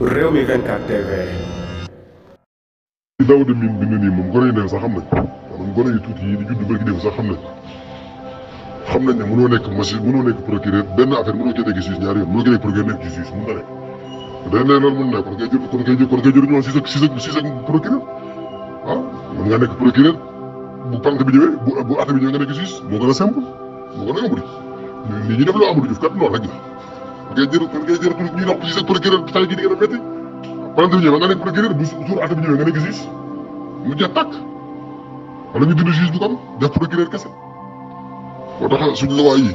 Rewmi 24 TV. Daouda Mine bi ñu nii moom gone yu neex sax xam nañ maanaam gone yu tuuti yi di judd bëri def xam nañ xam ne mënoo nekk machine mënoo nekk procureur benn affaire mënoo cee nekk juge ñaari yoon mënoo cee nekk mun na ne dañ ne loolu mun na kon kay jur kon kay jur kon kay jur ñoom siis ak siis ak siis ak procureur ah bu pante bi ñëwee bu bu bi ñëwee nga nekk juge moo gën a simple moo gën a yombul li ñu def loo amul juf kat noonu rek la ngay jël ngay jël pour ñuy dox gis ak procureur saa ji di gën a métti. problème bi ñëwee nga nekk procureur bu jour at bi ñëwee nga nekk juge mu jeex tàkk wala ñu bind juge bi comme def procureur kese. moo tax suñu loi yi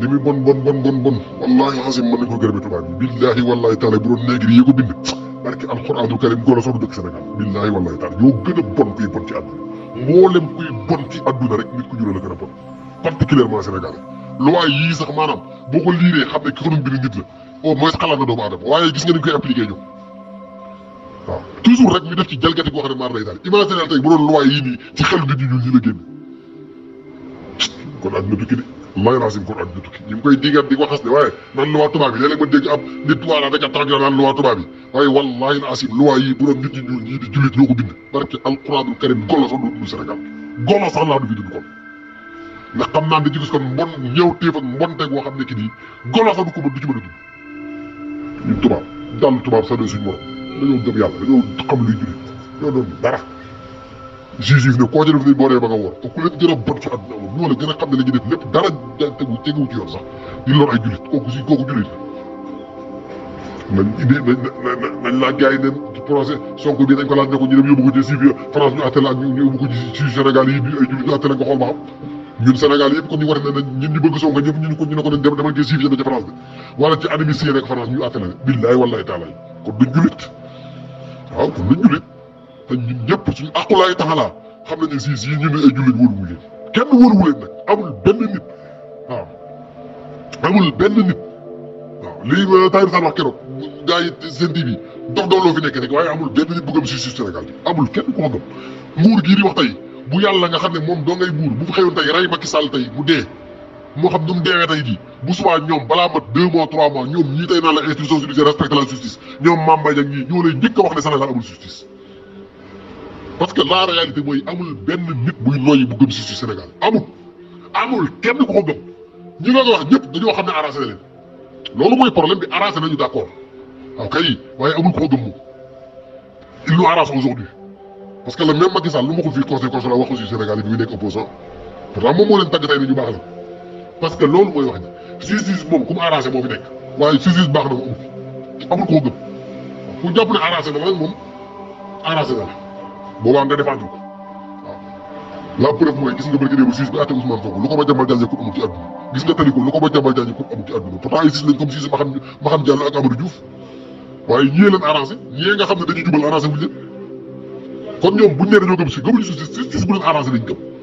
li muy bon bon bon bon bon wallaahi xasim mën nañu ko gërëmee tubaab yi billaahi wallaahi taala bu doon néegri yi ko bind. barke alxuraanul karim góor a soog a dëkk Sénégal billaahi wallaahi taala yoo gën a bon kuy bon ci àdduna mboolem kuy bon ci àdduna rek nit ku ñu la gën a bon particulièrement Sénégal loi yii sax maanaam boo ko liiree xam ne ki ko doon bind nit la au moins xalaat na doomu aadama waaye gis nga ni ñu koy appliqué ñoom waaw toujours rek ñu def ci jalgati boo xam ne maar day daal imaginer tey bu doon loi yii nii ci xelu nit ñi ñun ñii la génn kon àdduna tukki koy di ko xas de waaye naan loi tubaab yi léeg-léeg ma dégg ab nit waa naa a tax ñu naan loi tubaab waaye wallahi na asim bu doon nit di jullit ñoo ko bind barke alquranul karim golo sax doo dund Sénégal golo sax kon ndax xam naa ne ci gis kon mbon ñëw téef ak mbonteeg woo xam ne ki nii golo sax du ko mën du ci mën a dund ñun tubaab dàll tubaab sax doy suñu morom dañoo gëm yàlla dañoo xam luy jullit dañoo doon dara juif ne koo ci def ni booree ba nga woor ko ku leen gën a la gën a xam ne la ñu def lépp dara tegu teguwu ci yoon sax di lor ay jullit kooku si kooku jullit la nañ indi nañ nañ laa gars yi neen procès Sonko bii dañ ko laaj ne ko ñu dem yóbbu ko ci France ñu àtte la ak ñu yóbbu ko ci Sénégal yi ay ñun Sénégal yëpp ñun ñu bëgg Sonko ko ñu ne ko nañ dem demal gis juif na ca France de wala ci animisier nekk France ñu àtte la billaay wallaay taalaay kon duñ julit waaw kon duñ julit te ñun ñëpp suñu aqulaay taxalaa xam nañu siis yi ñu ne ay jullit wóoruwu leen kenn wóoruwu leen nag amul benn nit waaw amul benn nit waaw lii Tahir Sall wax keroog gars yi seen loo fi nekk rek waaye amul benn nit bu gëm si Sénégal kenn koo gëm nguur gii di bu yàlla nga xam ne moom doo ngay buur bu fi xëyoon tey rey Macky Sall tey mu dee moo xam nu mu deewee tey jii bu subaa ñoom balaa mat deux mois trois mois ñoom ñii tey naan la institution judiciaire respecte la justice ñoom Mame Mbaye Niang ñii ñoo lay njëkk a wax ne Sénégal amul justice. parce que la réalité mooy amul benn nit buy noyyi bu gëm justice Sénégal amul amul kenn ku ko gëm ñi nga wax ñëpp dañoo xam ne arrangé na leen loolu mooy problème bi arrangé nañu d' accord waaw kay waaye amul ku ko gëm moom il nous arrange aujourd'hui parce que le même Macky Sall lu ma ko fii conseil constitutionnel wax aussi Sénégal yi bi mu nekk opposant pourtant moom moo leen tàgg tey ne ñu baax la parce que loolu mooy wax ni justice moom ku mu arrangé moo fi nekk waaye justice baax na mu amul fi amul koo gëm ku jàpp ne arrangé na la nag moom arrangé na la boobaa nga défendre ko waaw la preuve mooy gis nga bëgg démb juge bi àtte Ousmane Sonko lu ko ma jàmbal jaajëf ku amul ci àdduna gis nga taliko lu ko ma jàmbal jaajëf ku amul ci àdduna pourtant ay juge lañ comme juge Maham Maham Diallo ak Amadou Diouf waaye ñii leen arrangé ñii nga xam ne dañuy jubal arrangé wuñ leen kon ñoom bu ñu nee dañoo gëm si gëmuñu si si si si mënuñ avancer liñ gëm